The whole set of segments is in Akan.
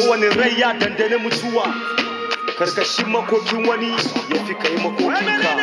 kowane rai ya dandane mutuwa karkashin makokin wani ya fi kai makokinka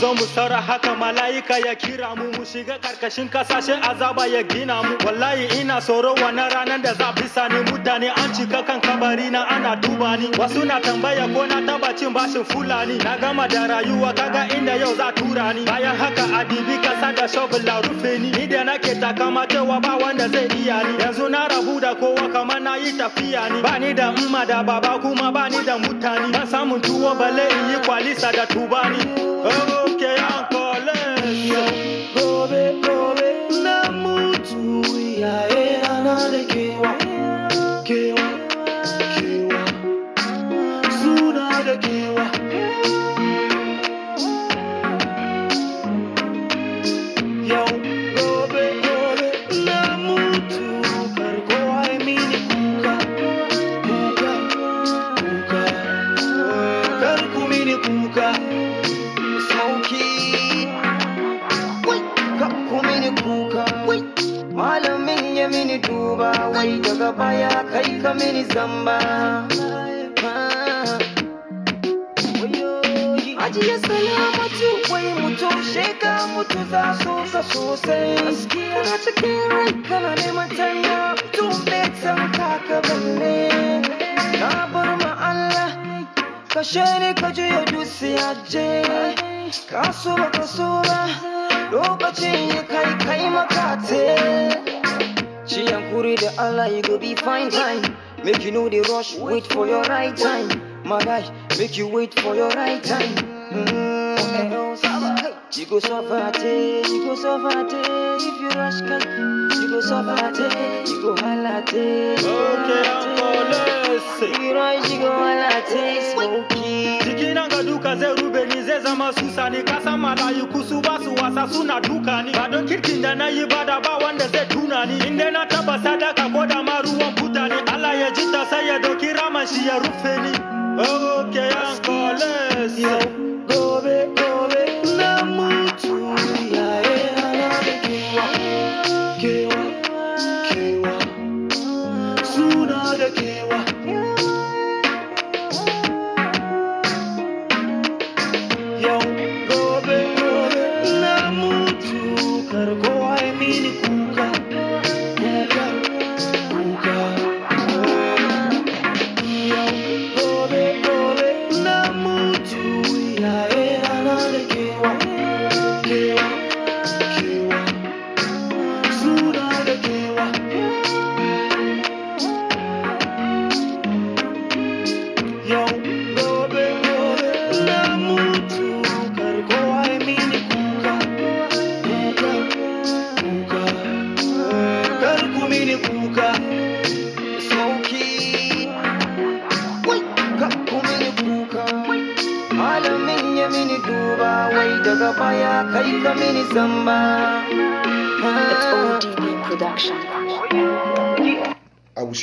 mu mu saura haka mala'ika ya kira mu mu shiga karkashin kasashen azaba ya gina mu wallahi ina tsoro wannan ranar da za bisa ni mutane an cika kan kabari na ana duba ni wasu na tambaya ko na taba cin bashin fulani na gama da rayuwa kaga inda yau za tura ni bayan haka a dibi kasa da shovel la rufe ni ni da nake takama cewa ba wanda zai iya ni yanzu na rabu da kowa kamar na yi tafiya ni ba ni da umma da baba kuma ba ni da mutane na samun tuwo balle in yi kwalisa da tubani oh. oh, oh. Robert, Robert, Namutu, yeah, yeah, another game. duba wai baya kai ka mini zamba Ajiye salamatu wai mutu sheka mutu za sosa Kana cikin rai kana neman kaka Na Allah kai makate she and Kuri the Allah, you go be fine time. Make you know the rush, wait for your right time. My guy, make you wait for your right time. Mm. You go suffer, eh? you go suffer, eh? if you rush, can you go suffer, eh? you go halate. Okay, I'm gonna say. You rush, you go halate, smoky daga duka go rube go zai na yi ya na mutu kewa kewa kewa kewa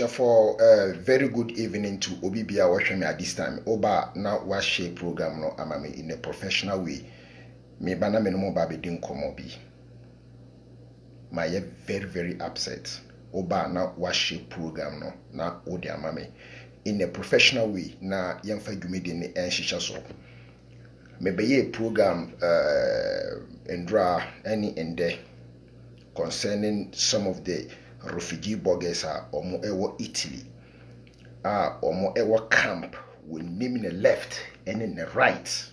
For uh, very good evening to obi bia wɔhwɛ me at this time woba na wahyɛ program no amami in a professional way Me bana me no mu ba bɛdi nkɔmmɔ bi mayɛ very very upset woba na wahyɛ program no na Odi amami in a professional way na yɛmfa dwumadi ne ɛnhyehyɛ so me mebɛyɛɛ program uh, eh, ndra ɛne ndɛ concerning some of the refugee bloggers a wɔn ɛwɔ italy a wɔn ɛwɔ camp wɔnim ne left ɛne ne right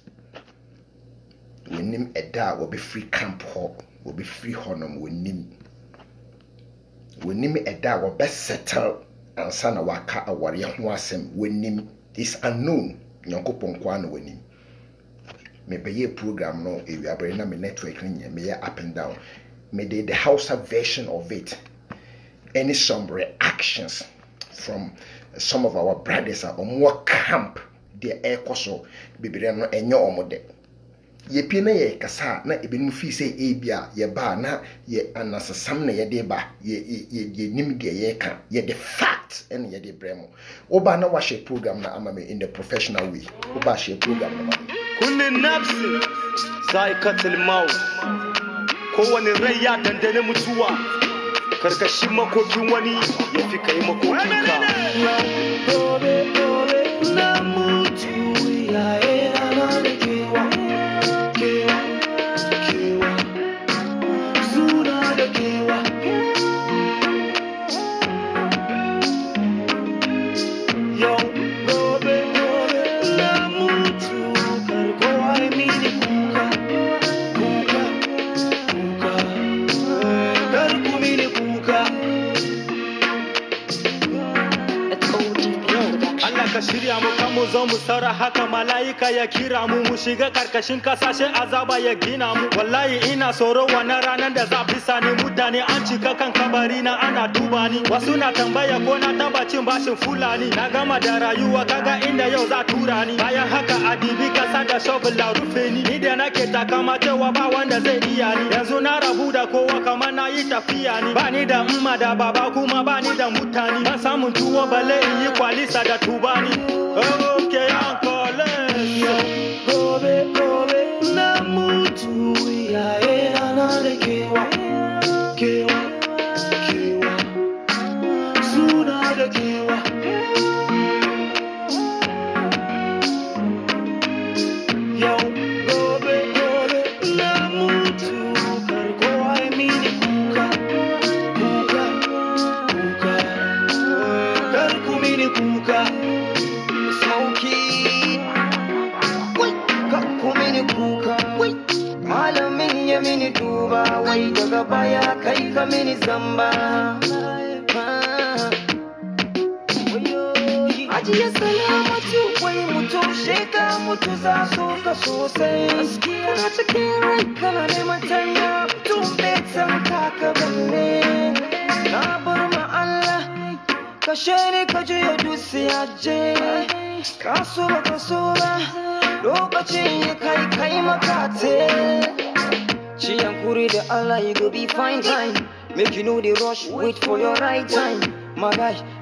wɔnim ɛda a wɔbɛfiri camp hɔ wɔbɛfiri hɔnom wɔnim wɔnim ɛda a wɔbɛsettle ansa na waka awareɛ ho asɛm wɔnim is unknown nyankopɔn nkoa na wɔnim mebɛyɛ program no ewiabere na me network no nyɛ meyɛ up and down mede the hausa version of it any some reactions from some of our brothers a wɔn camp deɛ ɛrekɔ so bebree no ɛnyɛ wɔn de yɛpie na yɛ kasa na ebinom fii sɛ ebi a yɛba na yɛ anasasam na yɛde ba yɛ yɛ yɛnim deɛ yɛka yɛde fact ɛna yɛde brɛ mu woba na wahyɛ program na ama in the professional way woba she program na ma me. kulli nafsi zaikatul maut kowane rai ya dandane mutuwa kaskashin makokin wani ya fi kai makokin ka saura haka mala'ika ya kira mu mu shiga karkashin kasashe azaba ya gina mu wallahi ina tsoro wannan ranar da za bisa ni mutane an cika kan kabari na ana duba ni wasu na tambaya ko na taba cin bashin fulani na gama da rayuwa kaga inda yau za tura ni bayan haka adibi kasa da shovel la rufe ni ni da nake takama cewa ba wanda zai iya ni yanzu na rabu da kowa kamar na yi tafiya ni ba ni da umma da baba kuma ba ni da mutane ban samun tuwo balle in yi kwalisa da tubani oh. oh, oh. Robe, robe, na mutu ya e I'm cikin rai kai Allah you be fine time make you know the rush wait for your right time my guy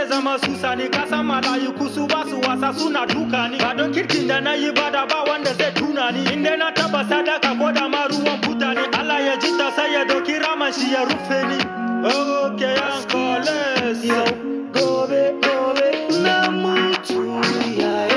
nake zama susa ne ka san malayu kusu ba su wasa suna duka ni ba don kirkin na yi ba wanda zai tuna ni na taba sadaka ko da ma ruwan ya jita sai ya doki gobe gobe na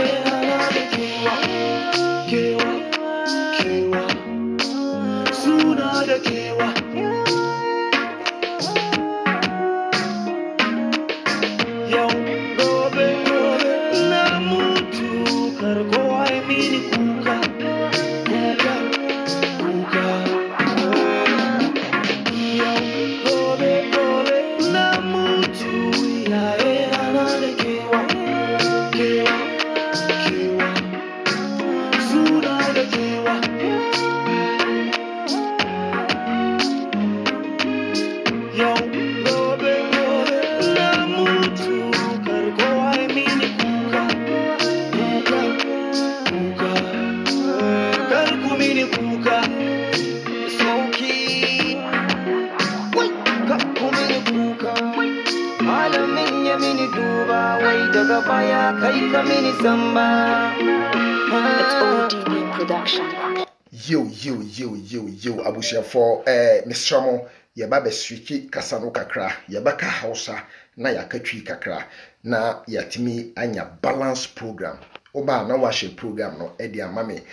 abusuafoɔ ɛɛ eh, mesra mo yɛba bɛswikyi kasa no kakra yɛbɛka hausa na yɛakatwi kakra na yɛatumi anya balance program wobaa na wahyɛ program no ɛde ama me ɛɛ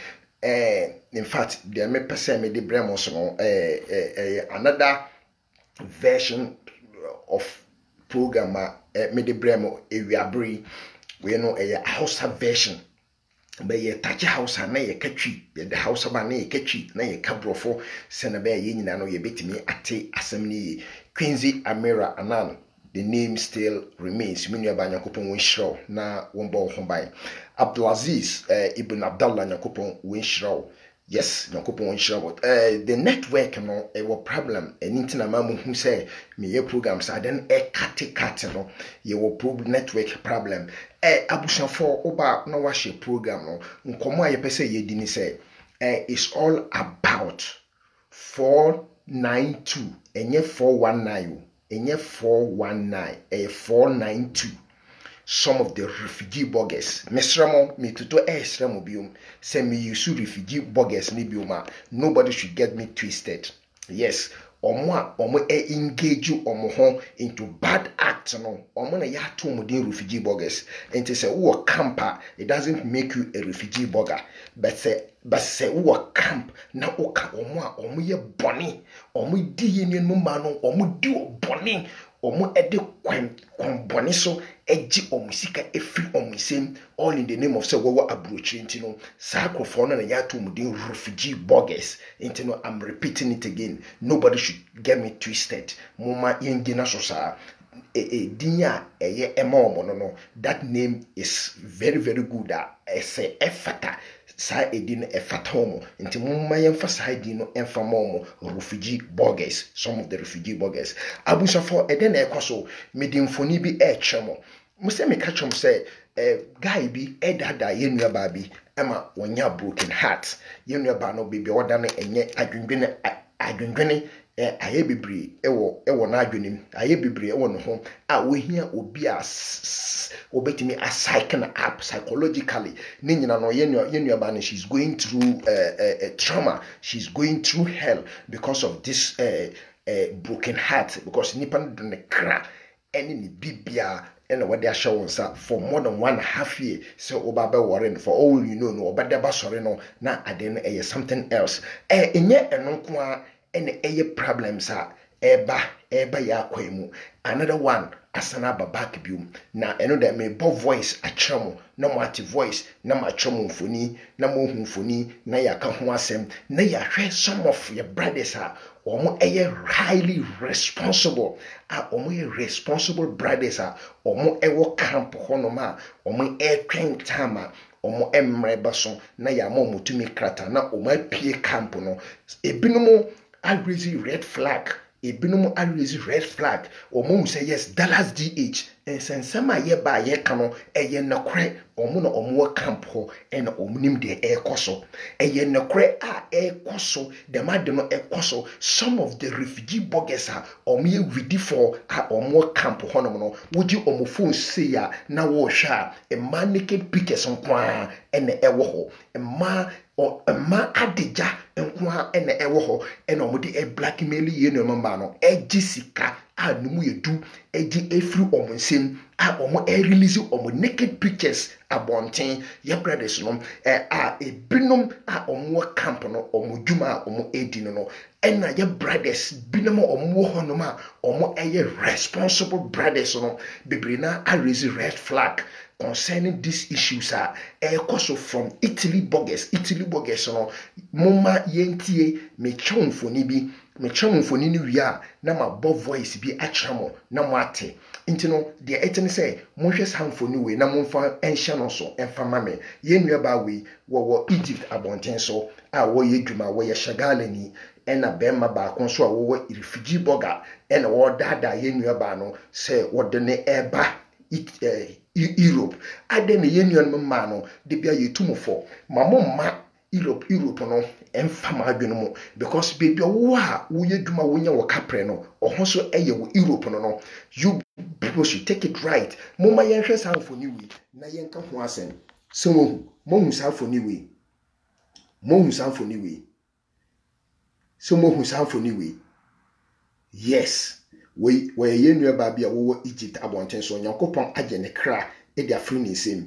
eh, infact deɛ mepɛ sɛ mede brɛ mo so no eh, ɛɛ ɛɛ another version of program a ɛɛ mede brɛ mo ewiabere wei no ɛyɛ hausa version bɛyɛ takye hausa na yɛka twi yɛde hausa ba na yɛka twi na yɛka borɔfo sɛne bɛyɛ yɛn nyinaa no yɛbɛtumi ate asɛm no yie quincy amira anan the name still remains me nuaba nyankopɔn wɔnhyira wo na wɔmbɔ wo ho ban abdulaziz uh, ibn abdallah nyankopɔn wɔnhyira wo yes nyankopɔn wɔnhyira wo uh, eh, the network no ɛwɔ uh, problem ɛni nti na ma mohu sɛ meyɛ program saa den ɛkatekate no yɛwɔ network problem ɛ abusuafoɔ woba na wahyɛ program no nkɔmɔ a yɛpɛ sɛ yɛdi ni sɛ ɛ is all about four nine two ɛnyɛ four one nine o ɛnyɛ four one nine ɛyɛ four nine two some of the refugee bloggers mesrɛ mo metoto ɛɛsrɛ mo biom sɛ meyusu refugee bloggers ne biom a nobody should get me twisted yes ɔmo a ɔmo e engage ɔmo ho into bad act no ɔmo na yɛato ɔmo din refugee bloggers nti sɛ wowɔ camp a it doesn't make you a refugee blogger but sɛ but sɛ wowɔ camp na woka ɔmo a ɔmo yɛ bɔne ɔmo di yɛ nneɛma no ɔmo di ɔbɔne ɔmo e de kwan kwan bɔne so gye wɔn sika firi wɔn nsam all in the name of sɛ wɔwɔ aburokyire nti no saa nkurɔfoɔ no na yɛ ato wɔn din refugee bloggers nti no i'm repeating it again nobody should get me twisted mo ma yɛn gyina so saa e, e, din a ɛyɛ ɛma wɔn no no that name is very very good a ɛsɛ ɛfata saa edin no ɛfata wɔn nti mma yɛmfa saa edin no ɛmfa ma wɔn refugee bloggers some of the refugee bloggers abusuafo ɛdɛ na ɛkɔ so mede mfoni bi ɛɛkyɛ mo. sɛ meka kyɛm sɛ eh, guy bi ɛdada eh, yɛn nuabaa bi ama wɔnya broken heart yenu nuabaa no beebi a wɔda no ɛnyɛ adwendwene adwendwene eh, ayɛ bebree ɛwɔ ɛwɔ n'adwene mu ayɛ bebree ɛwɔ ne ho a wohia obi a wɔbɛtumi acycle no up psychologically ne nyina no yɛn nuabaa no she's going through uh, uh, trauma she's going through hell because of this uh, uh, broken heart because nipa no ne kra ɛne ne bibia ɛna wɔde ahyɛ wɔn nsa for more than one half year sɛ ɔba bɛwɔre no for all you know no ɔbɛda ba sɔre no na adeɛ no ɛyɛ something else ɛɛ ɛnyɛ ɛno nko ara ɛna ɛyɛ problems a ɛɛba ɛɛba yɛ akɔɛ mu another one asan aba back bio na ɛno dɛ mebɔ voice akyerɛ mo na mo ate voice na mo akyerɛ mo mfoni na mo hu mfoni na yɛaka ho asɛm na yɛahwɛ some of your brothers a wɔn yɛ highly responsible a wɔn yɛ responsible brothers a wɔn wɔ camp hɔnom a wɔn e retwɛn time a wɔn e mmerɛ ba so na yɛama wɔn tumi krataa na wɔn apie e camp no ebinom araise red flag ebinom araise red flag wɔn mu sɛ yes dallas dh nsɛnsɛm a yɛba a yɛka no ɛyɛ nokorɛ ɔmo na ɔmo wɔ camp hɔ ɛna ɔmo nim deɛ ɛrekɔ so ɛyɛ nokorɛ a ɛrekɔ so dɛm ade no ɛkɔ so some of the refugee bloggers a ɔmo yɛ widifoɔ a ɔmo wɔ camp hɔnom no wogye ɔmo phone sei a na wɔrehwɛ a mmaa naked pictures nko ara ɛna ɛwɔ hɔ mmaa mmaa adigya nko ara ɛna ɛwɔ hɔ ɛna ɔmo de ɛblackmail yie nneɛma mmaa no ɛgye sika a ne mu yɛ du gye afiri wɔn nsam a wɔn release wɔn naked pictures abɔnten yɛ brothers no ɛ a ebinom a wɔn wɔ camp no wɔn dwuma a wɔn redi no no ɛna yɛ brothers binom a wɔn wɔ hɔnom a wɔn yɛ responsible brothers no bebree na a raise red flag concerning these issues a ɛrekɔ so from italy burgers italy burgers no moma yɛntie metwɛn mfoni bi metwɛn mfoni no wie a na mabɔ voice bi akyerɛ mo na mo ate nti no deɛ ɛte ne sɛ monhwɛ saa mfoni wei na momfa nhyɛ no so mfa ma me yɛn nuabaa wei wɔwɔ egypt abɔnten so a wɔyɛ dwuma wɔyɛ shagalani ɛna bɛrima baako nso a wɔwɔ refugee burger ɛna wɔredaadaa yɛn nuabaa no sɛ wɔde ne eh, ɛreba. E-, europe adɛn na yɛnnuanom mmaa no de bia yɛtu mu fɔ ma mo mma europe europe no ɛmfa ma adwene mụ because baabi ɔwo a wụnye dwuma wonya wɔ kaprɛ no ɔho so ɛyɛ wɔ europe no nọ you people should take it right momma yɛnhwɛ saa mfoni wei na yɛnka ho asɛm sɛ wohu mohu saa mfoni wei mohu saa mfoni wei sɛ mohu saa mfoni wei yes wei wɔyɛ nnua baa bi a wɔwɔ egypt abɔnten so nyankopɔn agye ne kra de afiri ne nsam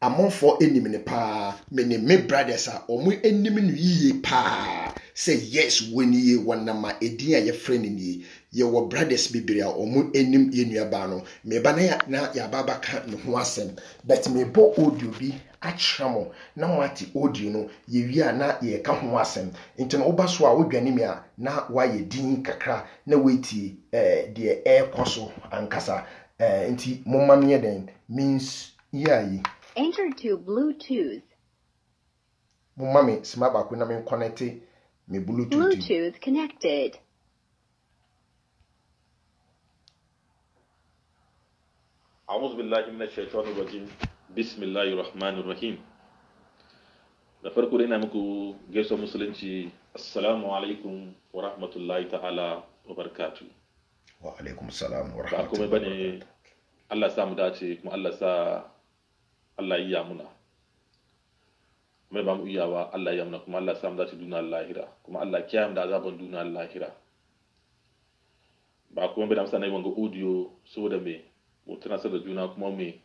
amanfoɔ anim ne paa me ne me brothers a wɔn anim no yie paa sɛ yes wɔn yie wɔnam a edin a yɛfrɛ no nie yɛwɔ brothers bebree a wɔn anim yɛ nnua no meba na yɛaba abaka ne ho asɛm but mebɔ audio bi akyerɛ mo na mo audio no yɛwie a na yɛka ho asɛm nti na woba so a wodwane mi a na woayɛ din kakra na woatie eh, deɛ so ankasa eh, nti means yɛayi Enter to Bluetooth. me sima baako na menkɔnɛte me Bluetooth. Bluetooth connected. أعوذ بالله من الشيطان الرجيم bismillahir rahmanir rahim da farko dai ina muku gaisuwar musulunci assalamu alaikum wa rahmatullahi ta'ala wa barakatu wa alaikum salam wa rahmatullahi ba kuma bane Allah sa mu dace kuma Allah sa Allah ya muna mai ba mu iya ba Allah ya muna kuma Allah sa mu dace duna lahira kuma Allah kiyam da azaban duna lahira ba kuma bai da amsa na yi wanga audio saboda me mutuna sa da juna kuma me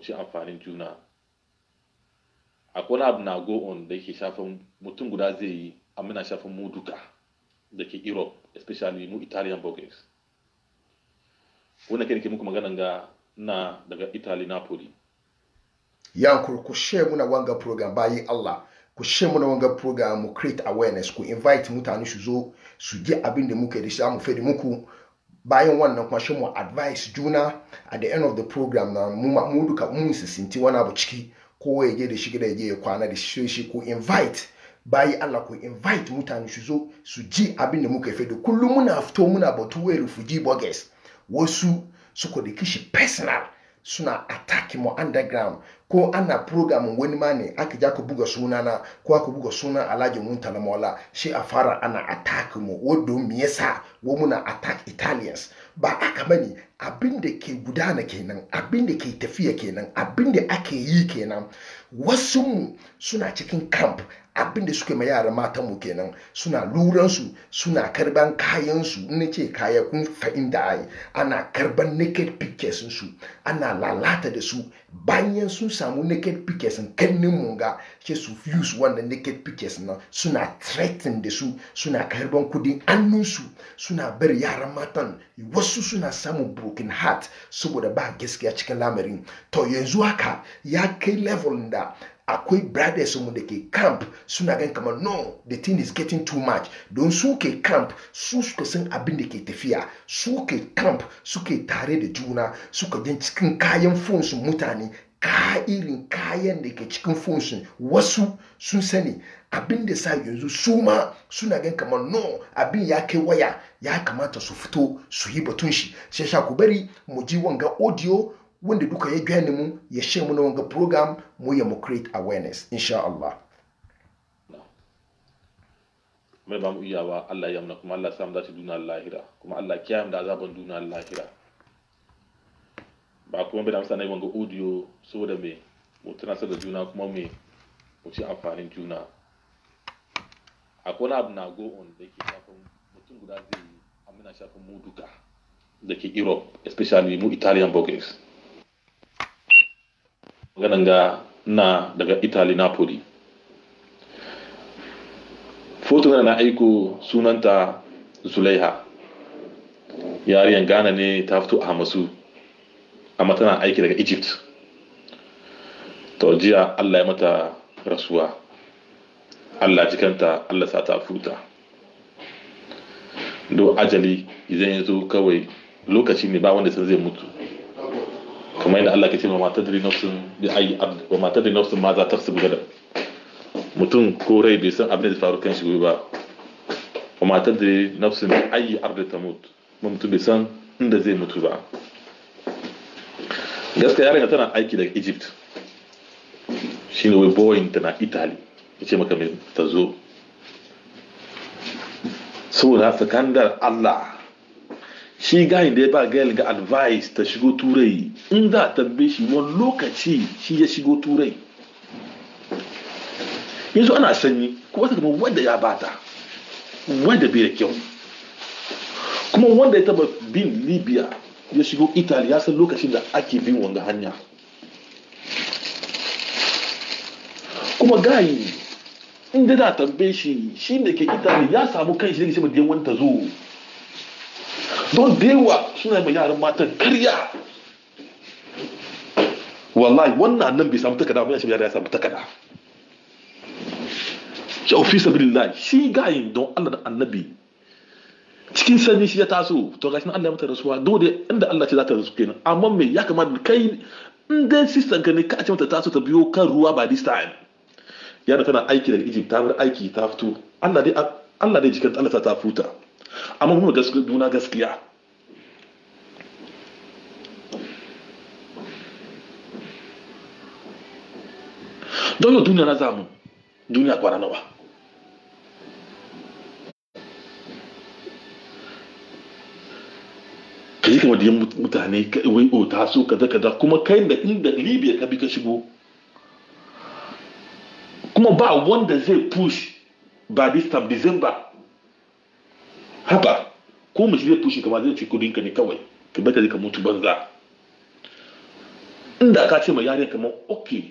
ku amfanin juna akwai abu na go da yake shafin mutum guda zai yi a na shafin mu duka da ke europe especially mu italian bogus wanda ke nake muku magana ga na daga italy napoli ya kurkushe muna wanga program bayi allah ku she muna wanga program mu create awareness ku invite mutane su zo su ji abin da muke da shi mu fadi muku bayan wannan kuma shi mu advice juna at the end of the program na mu duka mun sisinti wani abu ciki ko ya je da shi gida ya kwana da shi shi ko invite bayi Allah ko invite mutane su zo su ji abin da muka da kullum muna fito muna batu wai refuji bogus wasu suko da kishi personal suna attack mu underground ko ana program wani ma ne aka ja ka buga suna na ko aka buga suna alhaji muntala mola shi a fara ana attack mu wadda me yasa wo muna attack italians ba aka bane abin da ke gudana kenan abin da ke tafiya kenan abin da ake yi kenan wasu mu suna cikin camp abin da suke ma yara matan mu kenan suna luransu suna karban kayansu in ce kaya kun fa'in da ai ana karban naked pictures su ana lalata da su bayan sun samu naked pictures kannin mun ga ce su use wannan naked pictures na suna threaten da su suna karban kudin annun su, suna bar yaran matan wasu suna samun broken heart saboda ba gaskiya cikin lamarin to yanzu haka ya kai level da akwai brothers mu da ke camp suna gan kamar no the thing is getting too much don su ke camp su suka san abin da ke tafiya su ke camp suke tare da juna suka gan cikin kayan fonsu mutane ka irin kayan da ke cikin fonsu wasu sun sani abin da sa yanzu su ma suna gan kamar no abin ya kai waya ya kamata su fito su yi batun shi sai sha ku bari mu ji wanga audio wanda duka ya gane mu ya shi mu na wanga program mu ya mu create awareness insha Allah mai ba mu ba Allah ya muna kuma Allah samu dace duna lahira kuma Allah kiyaye da azaban duna lahira ba kuma bai da mutane wanga audio saboda me mu tunasar da juna kuma me mu ci amfanin juna akwai abu na go on da ke shafin mutum guda zai yi amma shafin mu duka da ke europe especially mu italian bloggers ganin ga na daga italy napoli foto na aiko sunanta zulaiha yariyan ghana ne ta fito a hamasu amma tana aiki daga egypt to jiya allah ya mata rasuwa allah jikanta allah sa ta futa do ajali zai yanzu zo kawai lokaci ne ba wanda sun zai mutu kamar yadda Allah ke ce ma matar da nafsin bi ayi abd wa matar da nafsin ma za ta kasu gada mutum ko rai bai san abin da faru kan shi ba wa matar da nafsin bi ayi abd ta mutu mutum bai san inda zai mutu ba gaskiya yarinya tana aiki daga Egypt ne wai boyin ta na Italy ce maka me ta zo saboda sakandar Allah shi gayi da ya ba gail ga advice ta shigo turai in za a tambaye shi wani lokaci shi ya shigo turai yanzu ana sanyi kuma ta kuma wanda ya bata wanda bai da kyau kuma wanda ya taba bin libya ya shigo italy ya san lokacin da ake bin wanga hanya kuma gayi inda za a tambaye shi shi da ke italy ya samu kan shi da ke sama da wani ta zo don da yawa suna mai yaran matan karya wallahi wannan nan bai samu takada ba ya shi ya samu takada ya fi sabilillah shi gayin don Allah da annabi cikin sani shi ya taso to gashi Allah ya mata rasuwa dole inda Allah ce za ta rasu kenan amma me ya kamata kai in dai sistan ka ne ka ce mata taso ta biyo kan ruwa ba this time yana tana aiki daga Egypt ta bar aiki ta fito Allah dai Allah dai jikan Allah ta futa amma mu duna gaskiya don yau duniya na zamu duniya kwana nawa ka yi kamar da mutane wai o taso so kada kuma kai da inda libya ka bi ka shigo kuma ba wanda zai push by this time december haka ko mace zai fushe kama zai ce kudin ka ne kawai ka bata zai ka mutu banza inda aka ce ma yare kamar ok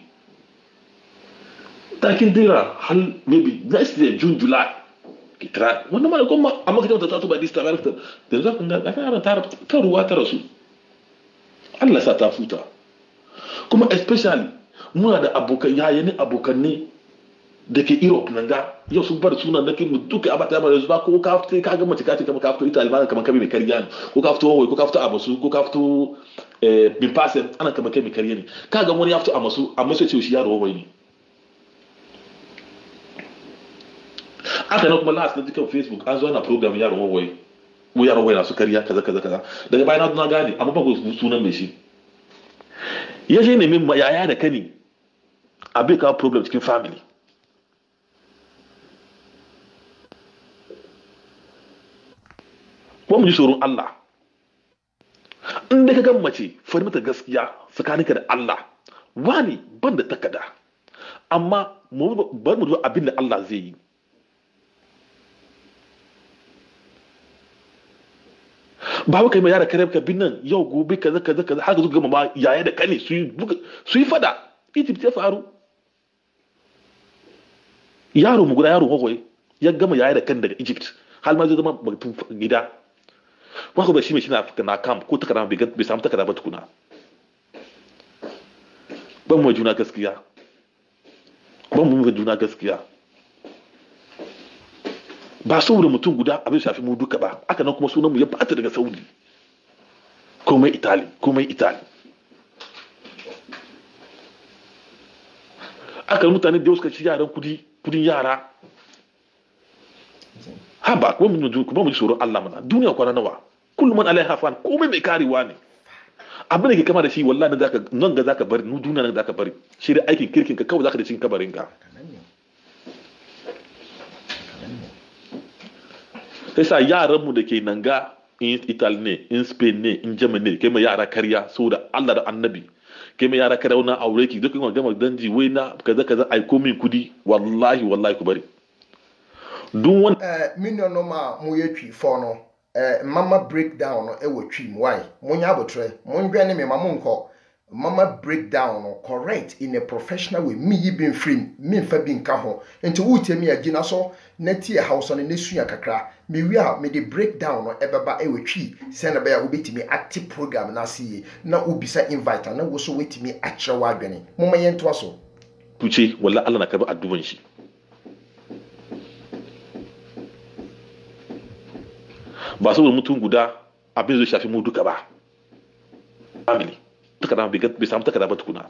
takin dira har maybe next year june july ki tara wannan ma kuma amma ka ta tuba dista director da za ku ga ka kana tara ta ruwa ta rasu Allah sa ta futa kuma especially muna da abokan yayi ne abokan ne da ke europe nan ga yau sun bar sunan da mu duka abata ba yanzu zuwa ko ka fito ka ga mace ka ce kamar ka fito italy ba kamar kabi mai karya ne ko ka fito wai ko ka fito a masu ko ka fito eh, bin fasen ana kamar kai mai karya ne ka ga wani ya fito a masu a masu ce shi yaro wai ne aka na kuma last na dukan facebook an zuwa na program yaro wai mu yaro wai na su karya kaza kaza kaza daga bayan na gane amma ba ku sunan mai shi ya je nemin yaya da kani abin kawo problem cikin family kuma mu ji tsoron Allah in da ka gan mace fari mata gaskiya tsakaninka da Allah wani ban da takada amma bar mu duba abin da Allah zai yi ba kai mai yara kare ka bin nan yau gobe kaza kaza kaza haka zuka gama ba yaya da kane su yi fada Egypt ya faru yaro mu guda yaro kwakwai ya gama yaya da kan daga Egypt har ma zai zama gida ba ba shi mai shi na kam ko takarda bai samu takarda ba tukuna ban mu juna gaskiya ban mu juna gaskiya ba saboda mutum guda abin shafi mu duka ba aka nan kuma sunan mu ya bata daga saudi komai itali komai itali aka mutane da suka ci yaran kudi kudin yara ha ba kuma mu ji tsoron Allah mana duniya kwana nawa kullum man alaiha fan komai mai karewa ne abin da ke kama da shi wallahi nan zaka nan ga zaka bari nu duniya nan zaka bari shi da aikin kirkin ka kawai zaka da cikin kabarin ka sai sa yaran mu da ke nan ga in Italy ne in Spain ne in Germany ne kai mai yara karya saboda Allah da Annabi kai mai yara kada wannan aure ki duk kuma gama danji wai na kaza kaza ai komai kudi wallahi wallahi ku bari duk wani eh, min no ma mu yake fono Eh, mama breakdown no ɛwɔ eh, twim why monya abotire mondwɛ ne mema mo nkɔ mama breakdown no correct in a professional way mi yi bi nfirim mi nfa bi nka ho nti wuute mi a so na ti ɛha so no ne sua kakra mi wi a mi de breakdown no ɛbɛba eh, ɛwɔ twi sɛ na bɛyɛ a wobɛtumi ate program n'ase yie na obisa invite na woso wetumi akyerɛ w'adwene mo ma yɛn to so. puche wala ala na kaba adubo ba saboda mutum guda abin zai shafi mu duka ba family takarda bai samu takarda ba tukuna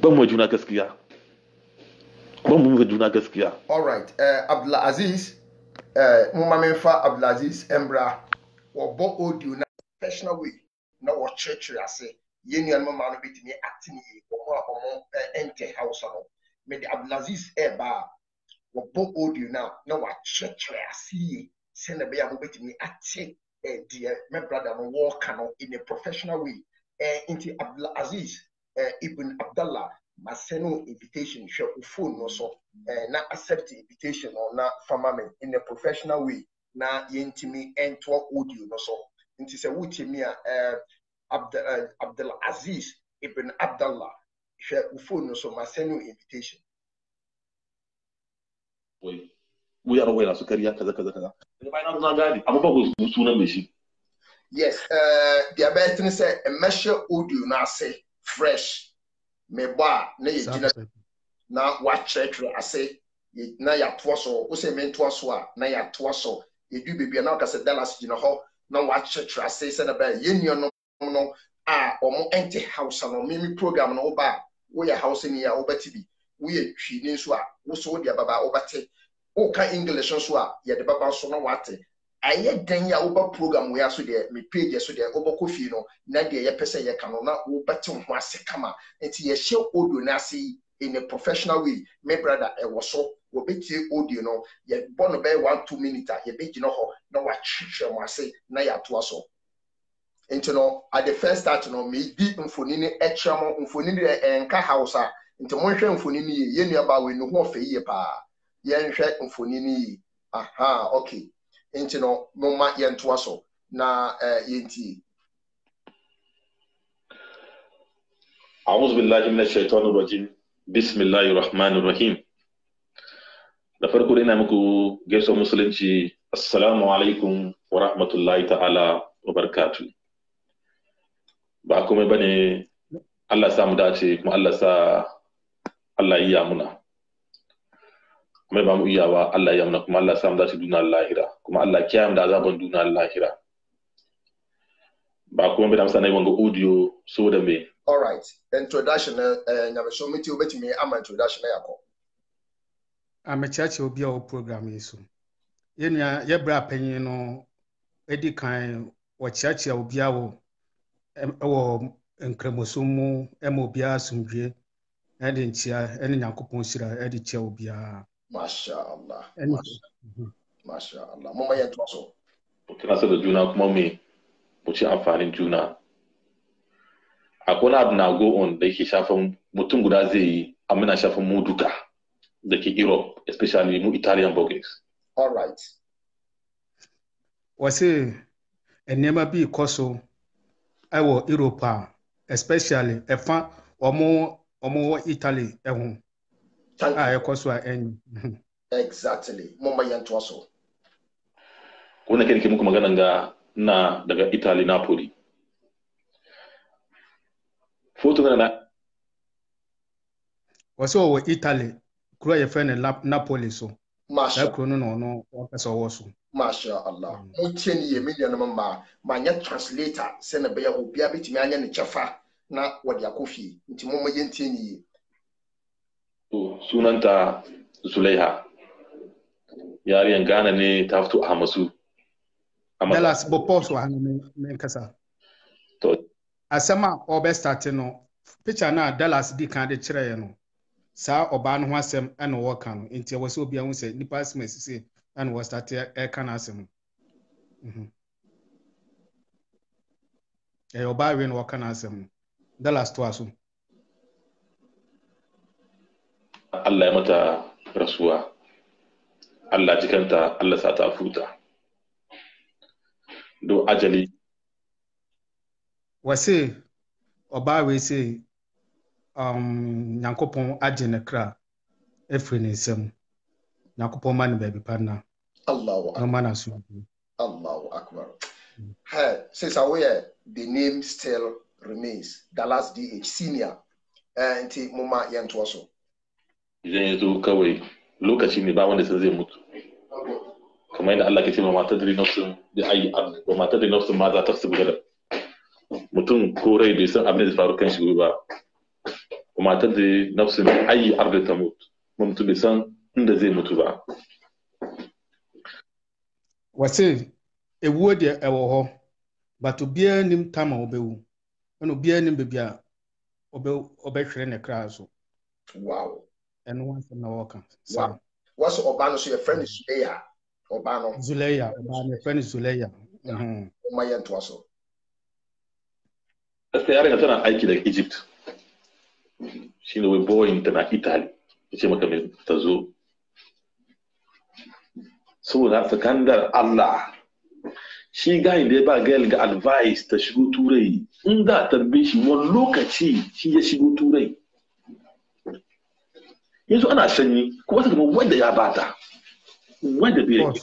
ban mu juna gaskiya ban mu juna gaskiya all right uh, abdulaziz uh, eh, mumamin fa abdulaziz embra wɔbɔ audio na professional way na wɔkyerɛkyerɛ ase yɛn nuanom maa no bi tumi ate ne yie wɔn a wɔn ɛnte house no mede abdulaziz ɛɛba a wɔbɔ audio now na wɔakyerɛkyerɛ ase yie sɛnɛ bɛyɛ a mobɛtumi ate eh, deɛ me brada no wɔɔka no in a professional way eh, nti abdul aziz eh, ibn abdallah masɛ no invitation hwɛ wo phone no so na accept invitation no na fama me in a professional way na yɛntumi ntoa audio no so nti sɛ wotie mi a abdul aziz ibn abdallah hwɛ wo phone no so masɛ no invitation wai wai a waila su karya kaza kaza kaza daga bayan na gane amma ba ku sunan mai shi yes deɛ bɛyɛ ne sɛ mmɛhyɛ audio no ase fresh mebɔ a na yɛgyina na wakyerɛkyerɛ ase na yɛatoa so wo sɛ mentoa so a na yɛatoa so yɛdu baabi a na woka sɛ dallas gyina hɔ na wakyerɛkyerɛ ase sɛne bɛyɛ yɛnnuanom no a ɔmo ɛnte hausa no meme program no woba a woyɛ hausa ni a wobɛte bi woyɛ hwii nso a woso wode ababa wobɛte woka english nso a yɛde baba nso na wate ayɛ dan a woba program wei so deɛ me page so deɛ wobɛkɔ fie no na deɛ yɛpɛ sɛ yɛka no na wobɛte ho ase kama nti yɛhyɛ audio no ase yi in a professional way me brother ɛwɔ so wɔbɛtie audio no yɛbɔ no bɛyɛ one two minute a yɛbɛgyina hɔ na watwetwerɛ mo ase na yɛatoa so nti no at the first start no meedi mfoni no ɛkyerɛ mo mfoni no nka hausa. nti monhwɛ mfoni no yie yɛn nuabaa wei no ho ɔfɛ yie paa yɛnhwɛ mfoni no yie aha okay nti no moma yɛntoa so na eh, yɛntie أعوذ بالله من الشيطان الرجيم بسم الله الرحمن da farko ina muku musulunci assalamu alaikum wa ta'ala wa barkatu ba komai bane Allah sa dace Allah iya muna mai iyawa Allah iya muna kuma Allah samu za su duna lahira kuma Allah kiyaye da azaban duna lahira ba kuma bai da musa audio so da me all right introduction eh, eh, na nyabaso miti obetumi ama introduction na yakɔ amekyerɛkyerɛ obi a ɔwɔ program yi so yɛnua yɛbrɛ apanyin no edi kan wɔkyerɛkyerɛ obi a wɔ ɛwɔ nkramosom mu ɛma obiara asomdwie ɛde nkyia ɛne nyankopɔn hyira ɛde kyia wo biara masha allah masha allah mama yɛ to juna kuma me mu ci juna akwai abu na go on da yake shafan mutum guda zai yi amma na shafan mu duka da ke europe especially mu italian bogies all right wasi enema bi kɔ so ɛwɔ europe a especially ɛfa wɔn ọmụwọ Italy ehu a ɛkɔ ah, so a ɛnyi. exactly mun bayan tuwa so. wanda muku magana ga na daga Italy Napoli. Foto gana na. Wasu wɔ Italy kuro ya fɛ Napoli so. Masha. Saa kuro no na ɔno ɔkasa so. Masha Allah. Mo tiɛ ni yɛ mi ma ma nyɛ translator sɛ na bɛyɛ obiara bi anya ne kyɛfa. na wɔde akɔ fie nti mɔmɔ yɛ ntie ne yie sunanta zulaiha yariyan ghana ne ta fito a hamasu dallas bopos hano hannu mai kasa asɛm a ɔbɛstate no picture no a dallas di kan de kyerɛeɛ no saa ɔbaa no ho asɛm ɛna wɔka no nti ɛwɔ sɛ obia ho sɛ nnipa asɛm asise ɛna wɔstate ɛka no asɛm ɛyɛ ɔbaa wei na wɔka no asɛm no the last wasu Allah ya mata rasuwa Allah jikanta Allah sa ta futa do ajali wase ọba wee sị um, nyankopɔn agye ne kra ɛfiri ne nsam nyankopɔn ma ne baabi pa nna akbar. Mm. Hey, since I wear the name still remains dallas dh senior eh, nti mu ma yɛntoa so idan ya zo kawai lokaci ne ba wanda sun zai mutu kamar yadda Allah ke ce ma mata da nafsin da ayi ba mata da nafsin ma za ta su gudana mutum ko rai bai san abin da faru kan shi ba ba mata da nafsin da ayi arda ta mutu mutum bai san inda zai mutu ba wase ewuo deɛ ɛwɔ hɔ but obiara nim tam a ɔbɛwu ɛna obiara nim baabi a ɔbɛ ɔbɛhwere ne kra so wow ɛno wansɛm na wɔka saa wɔsɛ ɔbaa no so yɛfrɛ no mm. zuleya ɔbaa no zuleya ɔbaa no yɛfrɛ no zuleya mm-hmm. ɔma yɛ ntoa so Esta yarinya tana aiki Egypt. Shi ne wai boyin tana Italy. Ya ce Allah shi gayin da ya ba gail ga advice ta shigo turai in da tarbe shi wani lokaci shi ya shigo turai yanzu ana sanyi kuma ta wanda ya bata wanda bai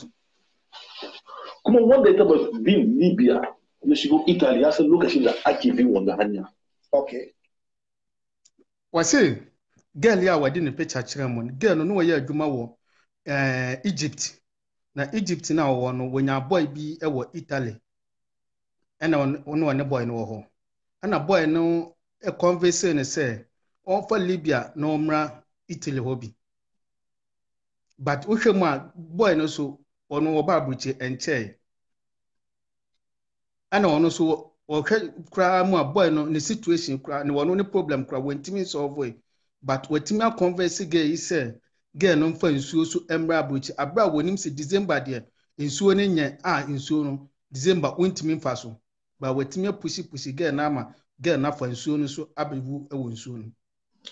kuma wanda ya taba bin libya ya shigo italy ya san lokacin da ake bin wanda hanya okay wasi gail ya wadi ne fecha cire mun gail nuwa ya juma wa eh, egypt na egypt na ọwụwa no wonya boy bi wọ italy ɛna ɔne ɔne bọị no wɔ hɔ ɛna boy no convince no sɛ ɔmfa libya na ɔmmra italy hɔ bi but wohwɛ mu a boy no so ɔno wɔba aburukyi nkyɛe ɛna ɔno so wɔhwɛ koraa mụ a bọị no ne situation koraa ne wɔno ne problem koraa wɔntumi nsɔɔvoe but wɔatumi aconvince gay yi sɛ girl no mfa nsuo so mmra aburokyi abera a wɔnim sɛ december deɛ nsuo no nyɛ a nsuo no december wɔntumi mfa so ba wɔatumi apusipusi girl no ama girl no afa nsuo no so abɛwu wɔ nsuo no.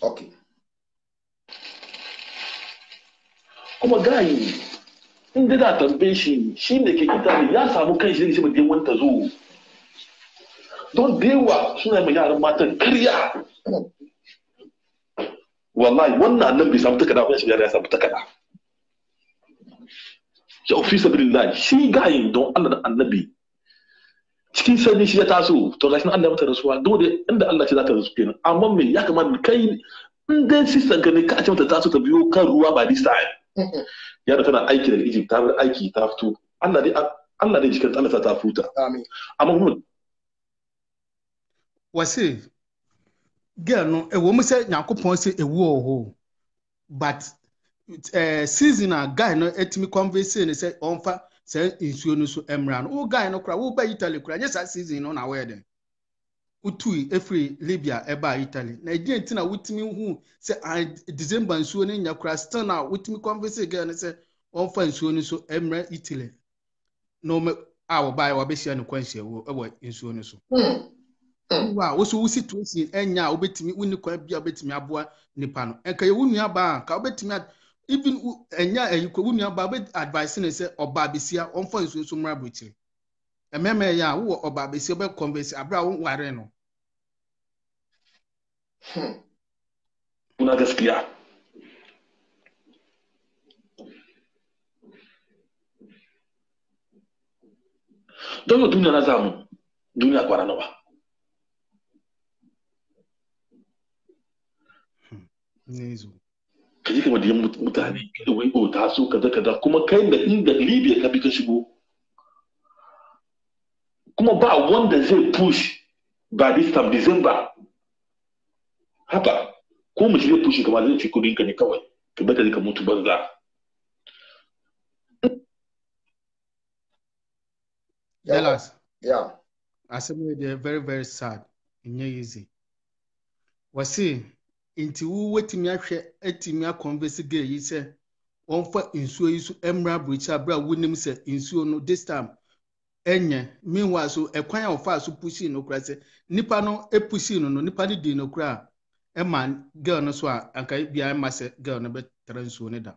okay kuma gayi in da za tambaye shi shi ne ke kita ne ya samu kan shi ne shi mai wanta zo don da yawa suna mai yaran matan karya wallahi wannan nan bai samu takarda ba shi ya samu takarda ya ofi sabirillah shi gayin don Allah da annabi cikin sanyi shi ya taso to gashi Allah ya mata rasuwa dole inda Allah ce za ta rasu kenan amma me ya kamata kai in dai sistan ka ne ka ce mata taso ta biyo kan ruwa ba this time da tana aiki da Egypt ta bar aiki ta fito Allah dai Allah dai jikin Allah ta futa amin amma kuma wasi girl no ewo eh, mu sɛ nyankopɔn sɛ ewu wɔ hɔ but eh, season a guy no ɛtumi eh, convince ne sɛ ɔnfa sɛ nsuo no so ɛmra no wo guy no kora wo ba italy kora nyɛ saa season no na wɔyɛ dɛ wotui efiri libya ɛbaa italy na edi nti na wotumi hu sɛ a ah, december nsuo no nya kora still na wotumi convince girl no sɛ ɔnfa nsuo no so ɛmra italy na ɔmo a wɔbaa yɛ wɔabɛhyia no kwanhyia wɔ nsuo no so. Hmm. wa mm. woso wo situation anya a obetumi wo nikwa bi a wobɛtumi aboa nipa no nke ya wo nuabaa a ka wobɛtumi even ɛnya a kɔ wo nuabaa wobɛ advice ne sɛ ɔbaa besia ɔmfa nsuo so mmra aburokyire ɛmɛɛmɛ yɛ a wowɔ ɔbaa besia wobɛ converse abere a woware no una gaskiya don duniya na zamu duniya kwana nawa kaji ji kamar da mutane da wai ta taso kaza kaza kuma kai da inda libya ka bi ka shigo kuma ba wanda zai push ba this time december haka ko mu zai push kamar zai ci kudin ka ne kawai ka bata ka mutu banza Yalas. Yeah. Asimile, they're very, very sad. In your easy. Wasi, nti wowatumi ahwɛ atumi akɔnvesi gay yi sɛ wɔmfa nsuo yi so mmra aburokyi abere a wonim sɛ nsuo no this time ɛnyɛ meanwhile so ɛkwan a wɔfa so pusi no kora sɛ nipa no epusi no no nipa no di no ọnụ a ɛma girl no so a anka bia ma sɛ girl no bɛtara nsuo no da.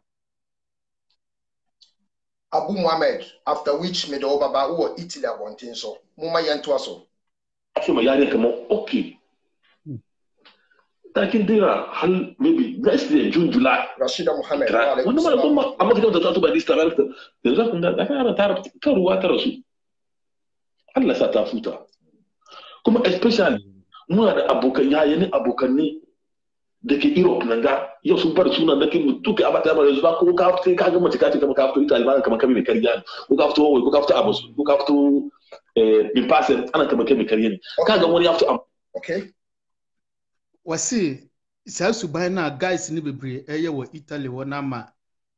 abu muhammed after which mede wo baba wowɔ italy abɔnten so moma yɛntoa so. asoma لكن ديرا هل ميبي بس دي جون جولاي رشيدة محمد ونما لما أما كده ده تعطوا بعدي استغلال ديرا كنا لكن أنا تعرف كروا ترسو ألا ساتافوتا كما إسبيشال مو أنا أبو كنيا يعني أبو كني دك إيروب نعدا يو سوبر سونا لكن توك أبى تعمل رزبا كم كافت كي كم ما تكاتي كم كافت كي تعلمان كم كم يمكريان وكافتو وكافتو أبوس وكافتو إمباسن آه، أنا كم كم يمكريان كم كم وني أفتو أم okay wɔse saa suban no a guys no bebree ɛyɛ wɔ italy hɔ no ama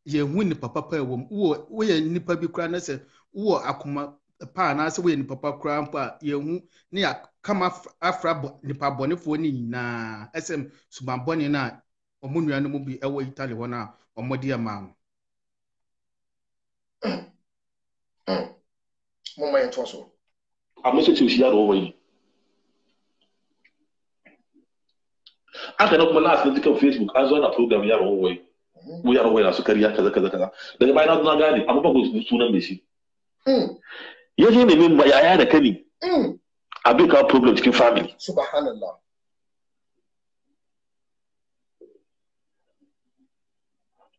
yɛhu nipa papa ɛwɔ mu wowɔ woyɛ nipa bi koraa na sɛ wowɔ akoma pa anaasɛ woyɛ nipa pa koraa mpo a yɛhu ne yɛkama afra nipa bɔnefoɔ no nyinaa ɛsɛ subanbɔne no a ɔmo nnua no mu bi ɛwɔ italy hɔ no a ɔmɔde ama no momma yɛntoa so amesɛ sɛ ohyia na wɔwɔ yi aka na kuma na asirin facebook an zo na program yara wai mu yara wai na su karya kaza kaza kaza daga baya na gane amma ba ku sunan mai shi mm. ya je nemi yaya da kani mm. abin kawo program cikin family subhanallah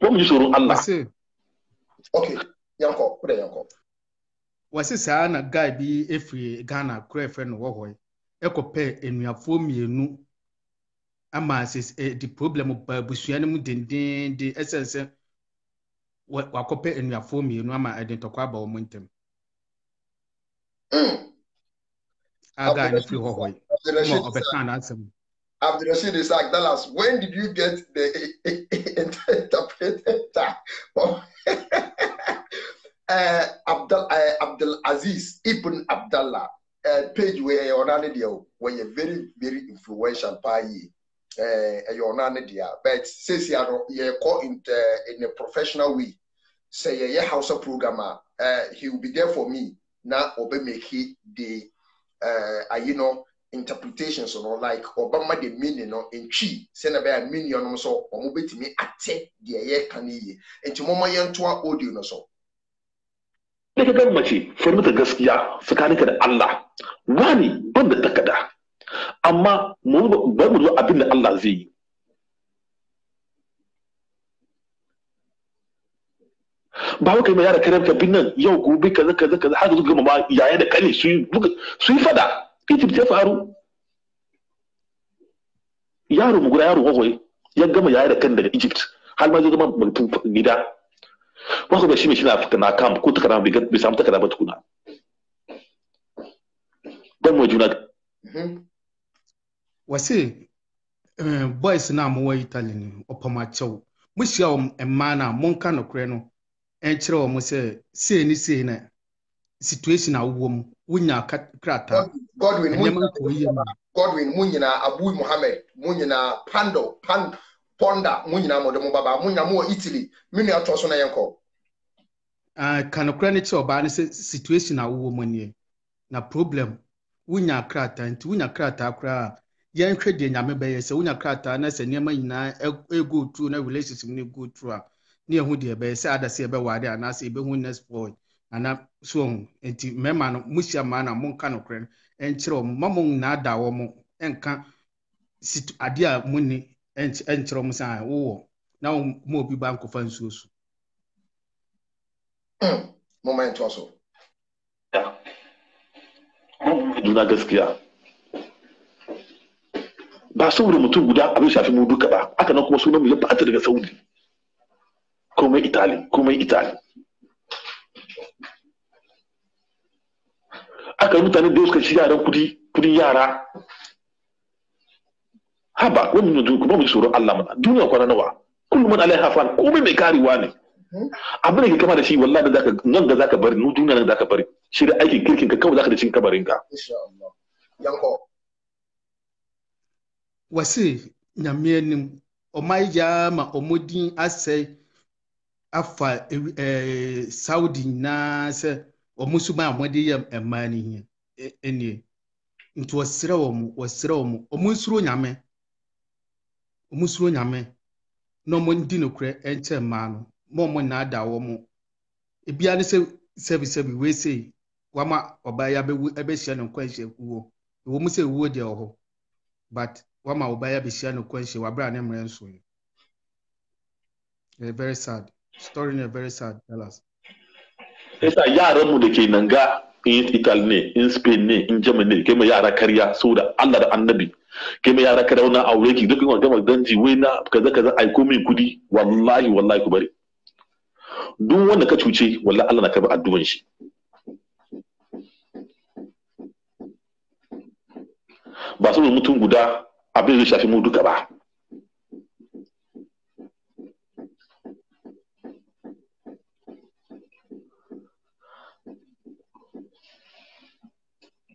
ko mu ji tsoron Allah ok yanko kuda yanko wasi saa na guy bi efiri ghana kura efe na wɔ hɔ yi ɛkɔpɛ enuafoɔ mmienu ama de eh, problem ba abusua eh, no mu dendenden ɛsɛn sɛ wakɔpɛ nnuafoɔ mmienu ama ɛde eh, ntɔkwa aba wɔn mm. aga ne firi hɔ hɔ yi ma ɔbɛka n'asɛm Abdulrasheed Isaac Dallas, when did you get the interpreter Abdul, Aziz Ibn Abdullah, Uh, page where you're on where you're very, very influential. Pie. ɛyɛ ɔna ne dea but seesia no yɛkɔ in uh, in a professional way sɛ yɛyɛ hausa program a ah, eh, he will be there for me na ɔbɛ make the uh, eh, ayi ah, no interpretations no like ɔbɛma the meaning no ntwi sɛnɛ bɛyɛ meaning no so ɔmo betumi ate deɛ eh, yɛka ne yie nti mo ma yɛntoa audio no so. ne ka gan mace farmata gaskiya tsakaninka da Allah wani ban da takada amma bari mu zo abin da Allah zai yi ba wai kai yara karam ka bin nan yau gobe kaza kaza kaza har zuwa gama ma yaya da kane su yi su yi fada Egypt ya faru yaro mu guda yaro kwakwai ya gama yaya da kan daga Egypt har ma zai zama mutum gida ba ku shi ne shi na fita na kam ko takarda bai samu takarda ba tukuna dan mu juna mhm. wɔse eh, boys no a mowɔ italy no ɔpɔmakyɛw mohyia wɔ mmaa no a monka nokorɛ no ɛnkyerɛ wɔ sɛ sei ne sei na situation a wowɔ mu wonya krataa nokorɛ no kyerɛ ɔbaa no sɛ situation a wowɔ na problem wonya nti wonya krataa koraa yɛnhwɛ deɛ nyame bɛyɛ sɛ wonya krataa na sɛ nneɛma nyinaa ɛgo tru na relationship no go tru a ne yɛhu deɛ ɛbɛyɛ sɛ ada si anaasɛ yɛbɛhu next boy ana so hu nti mmarima no mohyia mmaa no a monka nokorɛ no ɛnkyerɛ wɔ mo ma mo nyinaa da wɔ mo ɛnka adeɛ a monni ɛnkyerɛ mo wowɔ na ma obi ba nkɔfa nsuo so ɛntoa so. ba saboda mutum guda abin shafi mu duka ba aka nan kuma sunan mu ya ta daga saudi komai itali komai itali aka yi mutane da suka ci yaran kudi kudin yara haba wani mutum kuma mu tsoron Allah mana duniya kwana nawa kullum man alaiha fan komai mai karewa ne abin da ke kama da shi wallahi da zaka nan da zaka bari nu duniya nan da zaka bari shi da aikin kirkin ka kawai zaka da cin kabarin ka insha Allah yanko wɔse nyame anim ma ɔmo din asɛe afa ɛɛ eh, saudi nyinaa sɛ ɔmo so ma a wɔde yɛ mmaa no hia e, ɛnie nti wɔsrɛ wɔn wɔsrɛ wɔn ɔmo nsoro nyame ɔmo nsoro na ɔmo di ɛnkyɛ mmaa no ma ɔmo wɔn ebia sɛ sɛbisɛbi wama ɔbaa nkwa sɛ deɛ wama wo ba ya behyia no kwanhyia wabere a ne mmerɛ nso yɛ ɛyɛ eh, very sad story no very sad tell us. esa yaran mu da ke nan ga in Italy ne in Spain ne in Germany ne kai ma yara karya saboda Allah da Annabi kai ma yara karya wannan aure ki duk wanda gama danji wai na kaza kaza ai ko min kudi wallahi wallahi ku bari duk wanda ka cuce wallahi Allah na karba addu'an shi ba saboda mutum guda abin zai shafi mu duka ba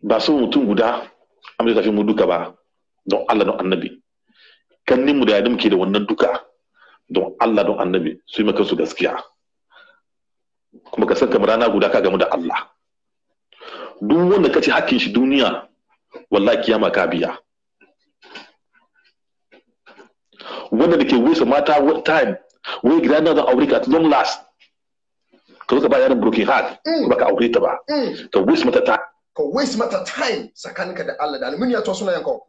ba su mutum guda amma zai shafi mu duka ba don Allah don annabi kannin mu da yadda muke da wannan duka don Allah don annabi su yi makansu gaskiya kuma ka san kamar rana guda ka gamu da Allah duk wanda kace hakkin shi duniya wallahi kiyama ka biya wanda da ke waste mata time wai gida na zan aure ka at long last ka zo ka ba yaron broken heart mm. ba ka aure ta ba mm. ka waste mata time ka waste mata time tsakaninka da Allah da almuni ya to suna yanko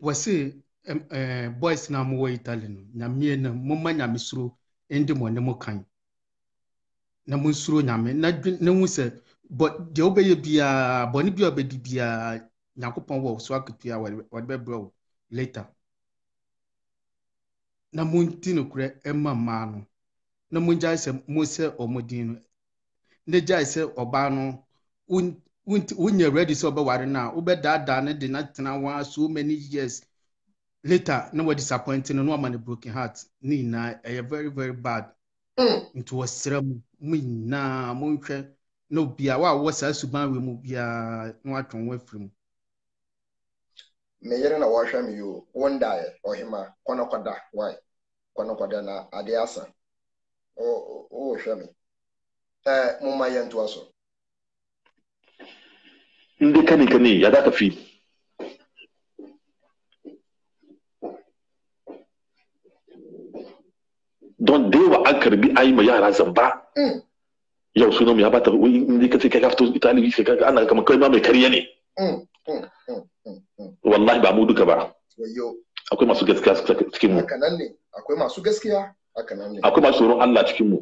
wasi eh, boys na mu wa italy no nyame na mun ma nyame suro ndi mo ne mu kan na mun suro nyame na na hu sɛ bɔ deɛ wobɛyɛ biara bɔne bi a wobɛdi biara nyankopɔn wɔ so akutua wɔde bɛbrɛ wo later na munti nokorɛ ma mmaa no na mongyae sɛ mo sɛ ɔmo din no na gyae sɛ ɔbaa no wonyɛ ready sɛ ɔbɛware no a wobɛdaadaa no de natena wa so many years later na wɔdisappoint no na wama no broken heart ne nyinaa ɛyɛ very very bad mm. nti wɔsrɛ mu mo nyinaa monhwɛ na obiaa wa a wɔ saa suban wei mu biaa na watwe wo afiri mu me yere na wɔhwɛ me yoo wondaeɛ ɔhema kɔnɔkɔda wae kɔnɔkɔda na ade asa wɔhwɛ me ɛɛ momma yɛ ntoa so ndị kanikani ya data fi don dewa an karbi ayi ma yara zamba yau suna mu ya bata wani inda ka ce ka fito itali ka ana kama mm, kai ma mm, mai mm, karya ne wallahi ba mu duka ba akwai masu gaskiya cikin mu akwai masu gaskiya akwai masu tsoron Allah cikin mu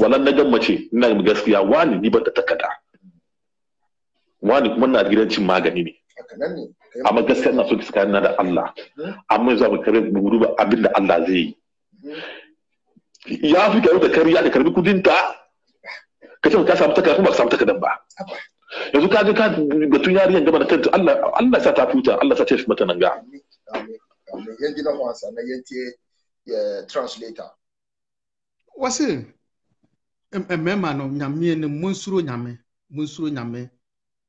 wannan na gammace ina da gaskiya wani ni ban ta takada wani kuma na gidan cin magani ne amma gaskiya ina so gaskiya na da Allah hmm? amma yanzu mu kare mu duba abin da Allah zai yi hmm? ya fi da kariya da karbi kudin ta kace ka samu takarda kuma ka samu takardan ba yanzu ka je ka batun yariyan gaba da kanta Allah sa ta futa Allah sa ta shi mata nan ga yan gidan wasa na yace translator wasi mmɛma no nyame na monsuro nyame monsuro nyame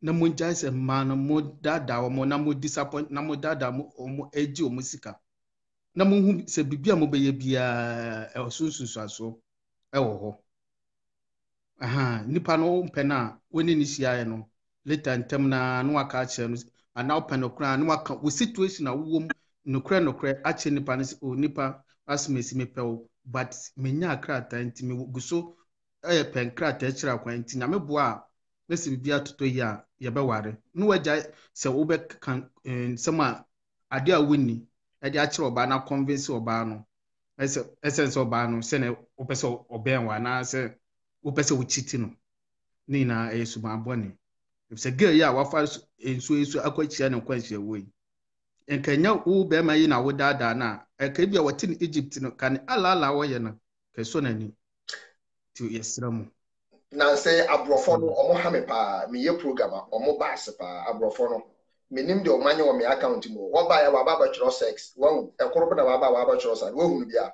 na mogyae ma na no modaadaa na modisappoint na modaadaa mo agye na mohu sɛ biribi nnipa no wompɛ no a wɔne ne hyiaeɛ no leta ntam naa na waka akyerɛ no anaa wopɛ nokora na waka wo situation a wowɔ m nokorɛ nokorɛ akyerɛ nipa no sɛ onipa oh, asomasi mepɛ wo but menya krataa nti megu so yɛ pɛn krataa kyerɛ akwan nti na meboa a na sɛ biribi atotɔ yi a yɛbɛware na wagya sɛ wobɛka eh, nsɛm a ade a wonni ɛde akyerɛ ɔbaa na convince ɔbaa no ɛsɛ sɛ ɔbaa no sɛne wopɛ sɛ ɔbɛn wɔ anaasɛ wopɛ sɛ wokyiti no ne nyinaa ɛyɛ sumabɔne sɛ girl yi a wafa nsuo yi akɔ akyia ne nkwanhyia wɔ yi nkanya wo bɛrima yi na wodaadaa no a ɛka bi a wɔte no egypt no ka ne alaala wɔyɛ no kɛsɔ n'ani nti yɛsrɛ mu nansɛ aborɔfo no ɔmo ha me paa meyɛ program a ɔmo paa aborɔfo no ɔmo account mu abɛtwerɛ sex ɛkoro bi na sa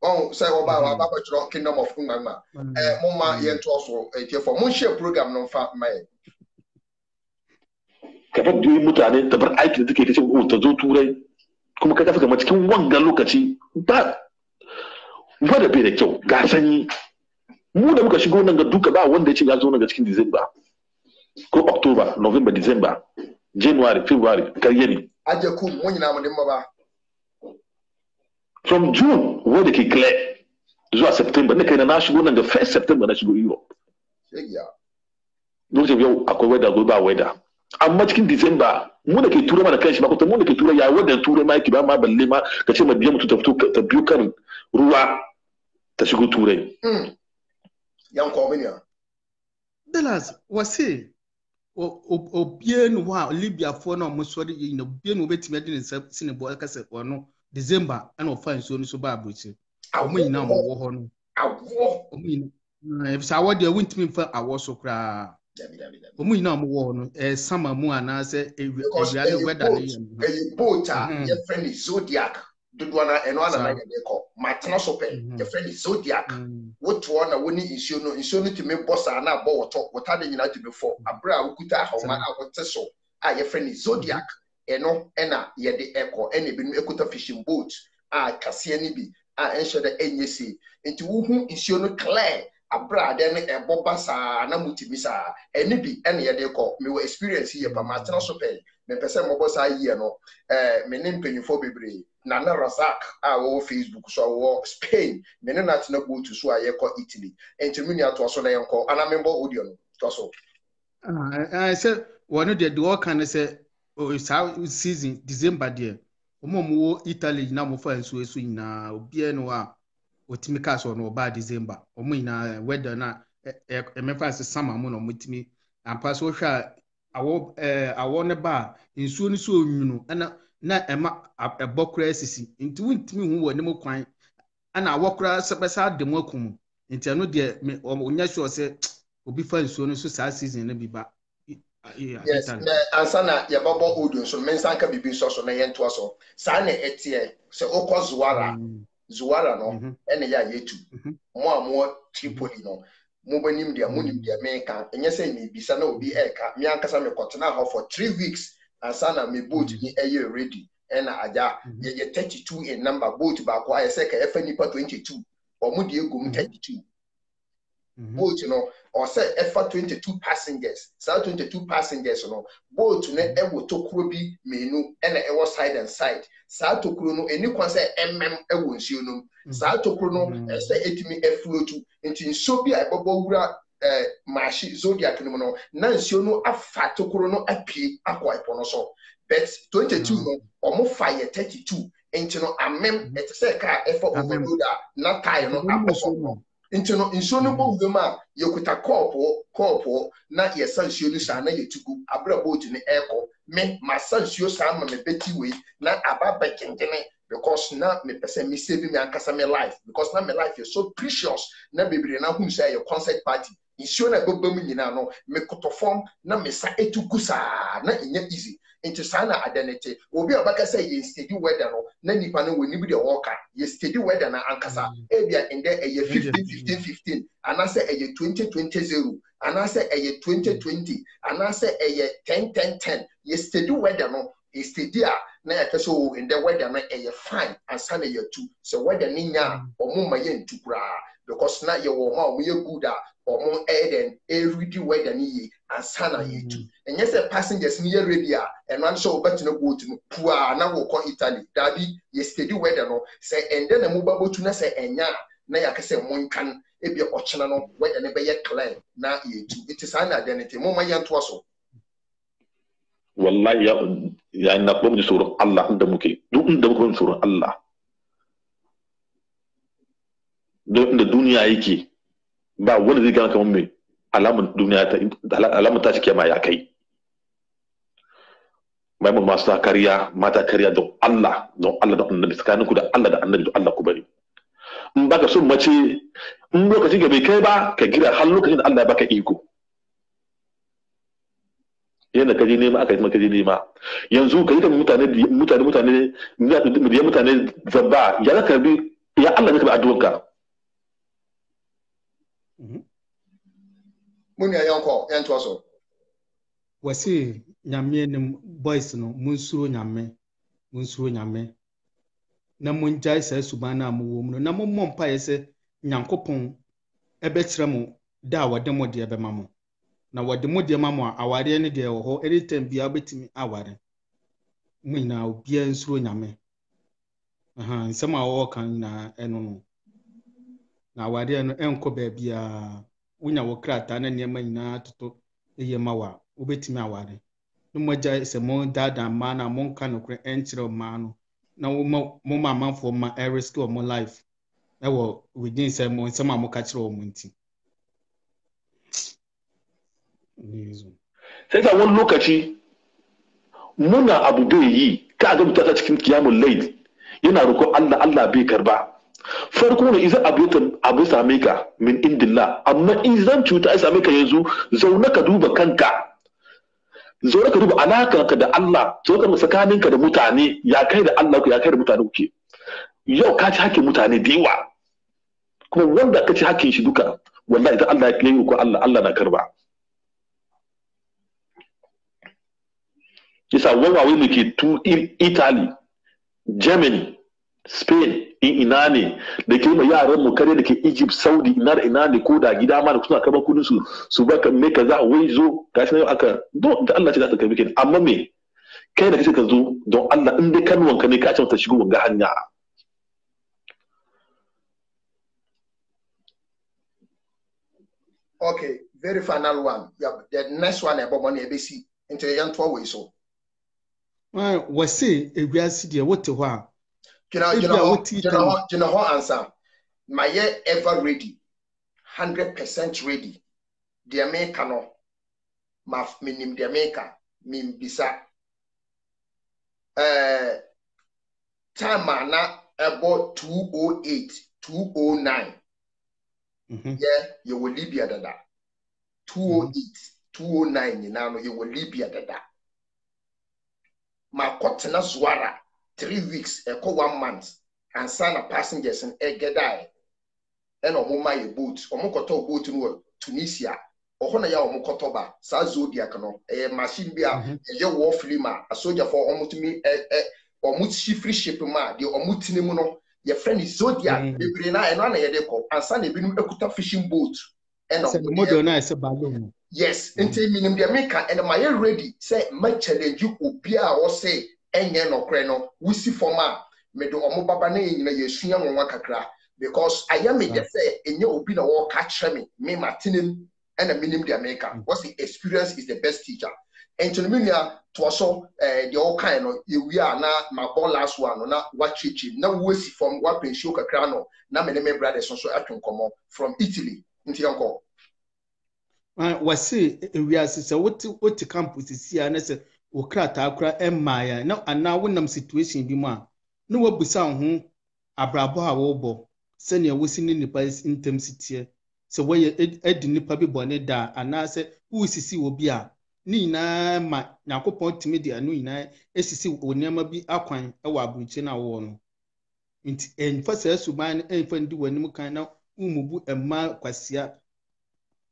ɔn sɛ ɔba a waba kingdom of nganma ɛɛ mm-hmm. eh, mo ma mm-hmm. yɛn to ɔso etie eh, fɔ mo program no nfa mma yɛ. Eh. kafin duniya mutane da bar aikin da take kace oh, ta zo turai kuma ka tafi kamar cikin wangan lokaci ba wanda bai da kyau ga sanyi mu da muka shigo nan ga duka ba wanda ya ce ya zo nan ga cikin December ko October November December January February karye ne aje ku mun yi namu ba from June wanda ke clear zuwa September ne kaina na shigo nan da first September na shigo Europe. Lokacin yau akwai weather gobe ba weather. Amma cikin December mu da ke tura mana kanshi ba kuma mu da ke tura ya wanda tura ma yake ba ma balle ma ka ce madiyan mutu ta fito ta biyo kan ruwa ta shigo turai. Hmm. Yan kwaminiya. Dallas wasi obienu ha Libya fo na yi na obienu obetumi adị n'isa si n'ebu akasa december ɛna ɔfa nsuo no so ba aburukyire ɔmo nyinaa ɔmo wɔ hɔ no ɔmo nyinaa ebisa awɔ deɛ wɔntumi nfa awɔ so koraa ɔmo nyinaa ɔmo wɔ hɔ no ɛɛ sama mu anaasɛ ewi ewia ne wɛda ne yɛ no. ɛyɛ boat a mhm. yɛfrɛ no zodiac dodoɔ na ɛno ana na yɛde kɔ ma tena so pɛ mhm. yɛfrɛ no zodiac mhm. wotoɔ na wɔne nsuo no nsuo no tumi bɔ saa na abɔ wɔtɔ wɔta de nyinaa tumi fɔ abere a wokuta ahoma a wɔte so a yɛfrɛ no zodiac. Mm -hmm ɛno ɛna yɛde ɛkɔ ɛna ebinom kuta fishing boat a kaseɛ no bi a ɛnhyɛ dɛ ɛnyɛ se nti wohu nsuo no clear abrade no e, ɛbɔ ba saa na mo tumi saa ɛne bi ɛna yɛde kɔ mewɔ experience yɛ ba maa tena so pɛn mepɛ sɛ mɔbɔ saa yie no ɛɛ e, me ne mpanyinfoɔ bebree nana rasak a wɔwɔ facebook so a wɔwɔ spain me ne natena boat so a yɛkɔ italy nti mi nua toa so na yɛnkɔ anamembɔ audio no toa so. ɛɛ ah, eh, eh, sɛ wɔn deɛ deɛ ɔka no sɛ Oh, saa season december deɛ wɔn a wɔwɔ italy nsuo so nyinaa no a kaa so december nyinaa eh, weather na ɛmɛfa ase sama mu na wɔtumi ampa so a awɔ ɛɛ eh, awɔ ne ba a nsuo no so onwunu na ɛma ɛbɔ koraa sisi nti wɔntumi hu wɔ kwan ɛna awɔ koraa bɛsa adamu akum nti ɛno deɛ ɔnyɛ sure obi fa nsuo no so saa season ba. Ah, yes ansa na yɛbɛbɔ odo nso no mensa nka biribi nsɔ so na yɛntoa so saa na ɛteɛ sɛ wokɔ zoara mm. zoara no mhm. ɛne yɛ a yɛtu mhm. mo a moɔ tripoli no mobɛnim deɛ monim deɛ mm. menka ɛnyɛ sɛ mebisa na obi ɛɛka me ankasa mekɔtena hɔ for three weeks ansa na me boat mm. ni ɛyɛ ready ɛna agya mm-hmm. yɛyɛ 32 in number boat baako ayɛ sɛ ka ɛfa nnipa 22 ɔmo deɛ ɛgum mm-hmm. 32 mm-hmm. boat no ɔsɛ ɛfa twenty two passengers saa twenty two passengers no boat no ɛwɔ tokuro bi mmienu ɛna ɛwɔ side and side saa tokuro no ɛni kwan sɛ ɛmɛm ɛwɔ nsuo no mm. saa tokuro no mm. ɛsɛ ɛtumi ɛfulotu nti nsuo bi a ɛbɛbɔ wura ɛɛ eh, maahyi zodiac no mu no na nsuo no afa tokuro no apue akɔ ɛpɔ no so bet twenty two no mm. ɔmo fa yɛ thirty nti no amem ɛte sɛ kaa ɛfɔ overload a na tae no akɔ so no nti no nsuo no mm-hmm. bɔ wiem a yɛkuta kɔɔpoɔ kɔɔpoɔ na yɛsa nsuo no saa na yɛtugu abera boot no ɛrekɔ me masa nsuo saa ma mebɛti wei na aba bɛkyenkene because na mepɛ sɛ mesɛ bi me ankasa me life because na me life yɛ so precious na bebree na hun sɛ yɛ concert party nsuo no a ɛbɛba mu nyinaa no mekotɔ fam na mesa ɛtu gu saa na ɛnyɛ easy nti saa na adeɛ ne te obi a ɔbɛka sɛ yɛ steady weather no na nipa no wɔ nibi deɛ ɔɔka yɛ steady weather na ankasa mm. ebia ndɛ ɛyɛ fifteen fifteen fifteen anaasɛ ɛyɛ twenty twenty zero anaasɛ ɛyɛ twenty mm. twenty anaasɛ ɛyɛ ten ten ten yɛ steady weather no yɛ steady a na yɛka sɛ o oh, ndɛ weather no ɛyɛ fine ansa na yɛ tu sɛ weather ne nya a mm. ɔmo ma yɛ ntu koraa. because na yɛ wɔ hɔ a wɔyɛ good a wɔn ɛyɛ dɛn ɛredi wɛda no yie ansa na yɛtu mm. ɛnyɛ sɛ passengers no yɛ ready a ɛnua nso a boat no pua na wɔkɔ italy daabi yɛ steady wɛda no sɛ ɛndɛ na mo ba botu na sɛ ɛnya na yɛ akɛsɛ mo nkan ebi ɔkyena no wɛda no bɛyɛ clear na eti saa na adeɛ no te mo ma yɛ toa so. wallahi ya ya na allah duk allah da duniya yake ba wani zai gana kamar mai alamun duniya alamun tashi kiyama ya kai mai mu masu kariya mata kariya don Allah don Allah da annabi tsakanin ku da Allah da annabi don Allah ku bari in baka son mace in lokacin ga bai kai ba ka gira har lokacin da Allah ya baka iko yana kaje nema aka yi kaje nema yanzu ka yi da mutane mutane mutane ne mutane zabba ya zaka bi ya Allah ne ka bi addu'arka mu nua yɛnkɔ yɛntoa so wɔse nyame ne boys no mu monsuro nyame monsuro nyame na mu ngya saa suban no a mowɔ mu no na mommɔ mpaeɛ sɛ nyankopɔn ɛbɛkyerɛ mo da a wɔde mu deɛ bɛma mo na wɔde mu deɛ ma mo a awareɛ no deɛ wɔ hɔ anytime biara wobɛtumi aware mo nyinaa obiara nsuro nyame aha nsɛm a wɔwɔ ka nyinaa ɛno no na awareɛ no ɛnkɔ baabiara unyawokrata na nneɛma nyinaa toto yɛ ma wa wobɛtumi aware na moagya sɛ modaada mmaa no a monka nokorɛ ɛnkyerɛ mmaa no na moma amanfoɔ ma ɛreske ɔmo life ɛwɔ within sɛ mo nsɛm a moka kyerɛ nti yi ka ga cikin laid yana Allah Allah karba farko ne idan abu same ka min indilla amma izan cuta ya same ka yanzu zaune ka duba kanka zaune ka duba alakanka da Allah zaune ka tsakaninka da mutane ya kai da Allah ya kai da mutane ku ke. yau ka ci hakkin mutane da yawa kuma wanda ka ci hakkin shi duka wallahi idan Allah ya kiyaye ku Allah Allah na karba yasa wawawai muke tu Italy Germany spain in ina ne da ke ma yaran mu kare da ke egypt saudi ina da ina ne ko da gida ma da kusa kaba kudin su su ba ka me kaza wai zo gashi na aka don da Allah ce za ta kai bikin amma me kai da kace ka zo don Allah in dai kanuwanka ne ka ce ta shigo wanga hanya Okay, very final one. Yeah, the next one about money ABC into the young two way so. Well, we see if wote are see gyina hɔ ansa mayɛ ever ready hundred percent ready deɛ meka no ma menim deɛ meka membisa eh, time a na ɛbɔ two o oh eight two o oh nine yɛ mm-hmm. yɛwɔ libya dada mm-hmm. two o oh eight two o nine nyinaa no yɛwɔ libya dada ma kɔtena zuara three weeks ɛkɔ one month ansa na passengers no ɛgɛdaeɛ ɛna ɔmo ma yɛ boat ɔmo kɔtɔ boat no wɔ tunisia ɔhɔ na yɛ ɔmo kɔtɔ ba saa zodiac no ɛyɛ machine bi a mhm. ɛyɛ war film a asogyafoɔ ɔmo tumi ɛɛ ɔmo si free ship mu a deɛ ɔmo tini mu no yɛfrɛ no zodiac mhm. bebree na ɛno ana yɛde kɔ ansa na ebinom ekuta fishing boat ɛna ɔmo model na yes mhm. nti minim deɛ meka ɛna ma yɛ ready sɛ mɛ challenge obi a ɔsɛ ɛnyɛ nɔkorɛ no wusi fam a mede ɔmo baba ne nyina yɛsua nwanwa kakra because ayɛ me yɛ sɛ ɛnyɛ obi na wɔɔka kyerɛ me me ma tenem ɛna menim deɛ meka hmm. wɔsi experience is the best teacher nkyɛn mi nua toɔ so ɛɛ deɛ ɔkan no eh, ewia a na ma bɔ last one no na wakyekye na wosi fam wapensuo kakra no na me ne me brothers nso atwe nkɔmɔ from italy nti yɛn kɔ. Ah, wɔsi ewia eh, eh, sisan wote wote campus si a ne sɛ. wo krataa kora ɛmmaa na anaa wonam situation bi mu a na wabisa ho abrabɔ a wɔrebɔ sɛnea wosi ne nipa ntam si teɛ sɛ wɔyɛ adi nipa bi bɔ ne da anaasɛ wosisi wɔ bi a ne nyinaa ma nyakopɔn tumi de ano nyinaa esisi wɔ nneɛma bi akwan wɔ aburukyi na wɔwɔ no nti nfa saa suban no nfa ndi wɔn anim kan na umubu mmaa kwasia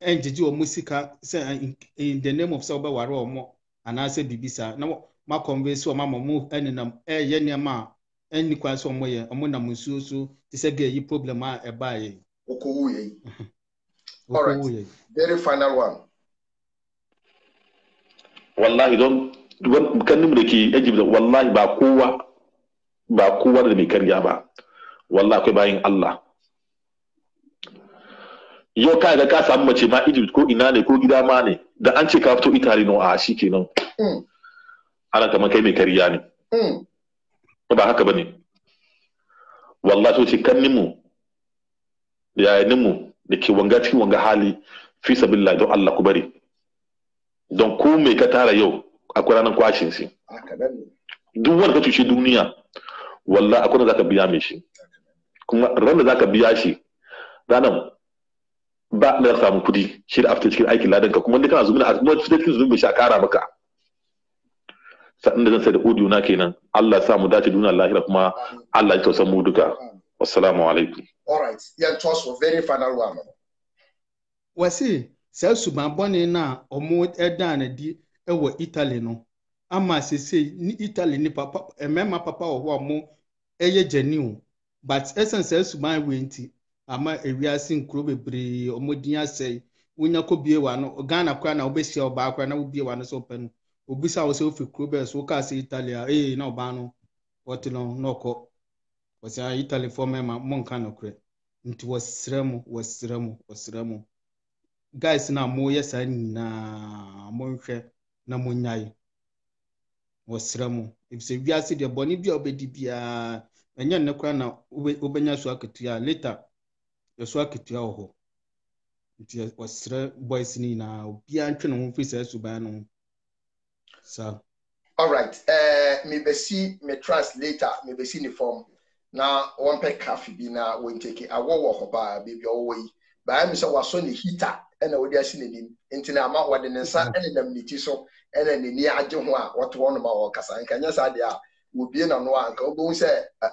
ngyegye wɔn sika sɛ in the name of sɛ wɔbɛware wɔn. anaasɛ biribi saa na ma convince wɔn ama wɔn nenam ɛreyɛ nneɛma a ɛnni kwan sɛ wɔn yɛ nam nsuo so te sɛ gɛɛ problem a ɛbaa very final one. wallahi don kannin da ke egypt wallahi ba kowa ba kowa da mai karya ba wallahi akwai bayan allah yau ka ga ka samu mace ma Egypt ko ina ne ko gida ma ne da an ce ka fito Italy no a shi kenan mm. ana kamar kai mai kariya ne mm. ba haka bane wallahi to ce kan nimu da nimu da ke wanga cikin wanga hali fi sabilla don Allah ku bari don ko mai ka tara yau akwai ranar kwashin shi duk wanda ka cuce duniya wallahi akwai da zaka biya mai shi kuma ran da zaka biya shi ranar ba da samu kuɗi shi da afta cikin aikin ladan kuma dai kana zumin a kuma fitar cikin zunubin shi a kara maka sannan da zan sai da audio na kenan Allah sa mu dace duniya lahira kuma Allah ya tausan mu duka wassalamu alaikum all right yeah toss for very final one wasi sai su bambɔne na ɔmo ɛdan ne di ɛwɔ Italy no ama sese ni Italy ni papa ɛmɛɛma papa wɔ hɔ a ɔmo ɛyɛ gyeni o but essence, sɛ suban wei nti ama ewiase nkuro bebree ɔmo din asɛe wonya kɔ bie wa no ghana kora na wobɛhyia ɔbaa kora na wobie wa no sɛ ɔpɛ no obisa wo sɛ wofi kuro bɛɛ so wokaa sɛ italy a ee eh, na ɔbaa no wɔte no na ɔkɔ wɔsɛ a ah, italy fɔ mɛma monka nokorɛ nti wɔsrɛ mo wɔsrɛ mo wɔsrɛ mo guys na moyɛ saa nyinaa monhwɛ na monyae wɔsrɛ mo ɛfisɛ wiase deɛ bɔne bi a wobɛdi biaa ɛnyɛ nnɛ kora na wobɛnya so akatua later yɛso akatua wɔ hɔ nti wɔsrɛ boys no nyinaa obiara ntwe ne ho mfiri saa suban no ho saa alright uh, eh, mebɛsi me translator mebɛsi ne fam na wɔmpɛ kafe bi na wɔntake awɔ wɔ hɔ paa baabi ɔwɔ yi baa mi sɛ wasɔ ne hita ɛna wɔde asi n'anim nti na ama wɔde ne nsa ɛnenam ne ti so ɛna n'ani agye ho a wɔte hɔ nom a wɔrekasa nkanyɛ saa deɛ a obie n'ano a nka obohu sɛ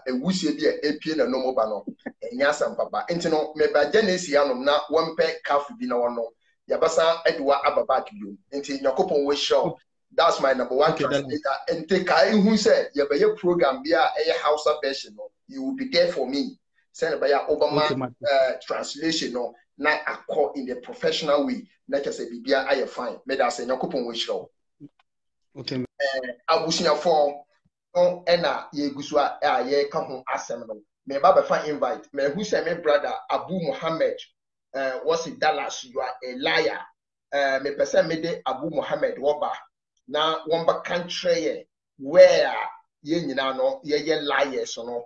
ewusie bi a epie n'anum ba no enye asɛm papa nti no mmeba gye na esi anom na wɔmpɛ kaafu bi na wɔnom yabasa de wa aba back bio nti nyakopɔn wɔahyira that's my number one translator nti ka ihu sɛ yɛbɛyɛ program bi a ɛyɛ hausa version no you will be there for me sɛnɛ bɛyɛ obama eh, translation no na akɔ in the professional way na kyɛ sɛ biribia ayɛ fine meda sɛ nyakopɔn wɔahyira eh, abusuafoɔ no ɛna yɛgu so a yɛka ho asɛm no meba bɛfa invite mahu sɛ me brother abu mohammed uh, eh, wɔse dallas you are a liar uh, mepɛ sɛ mede abu mohammed wɔba na wɔmbɛka nkyerɛ yɛ where a yɛn no yɛyɛ liars no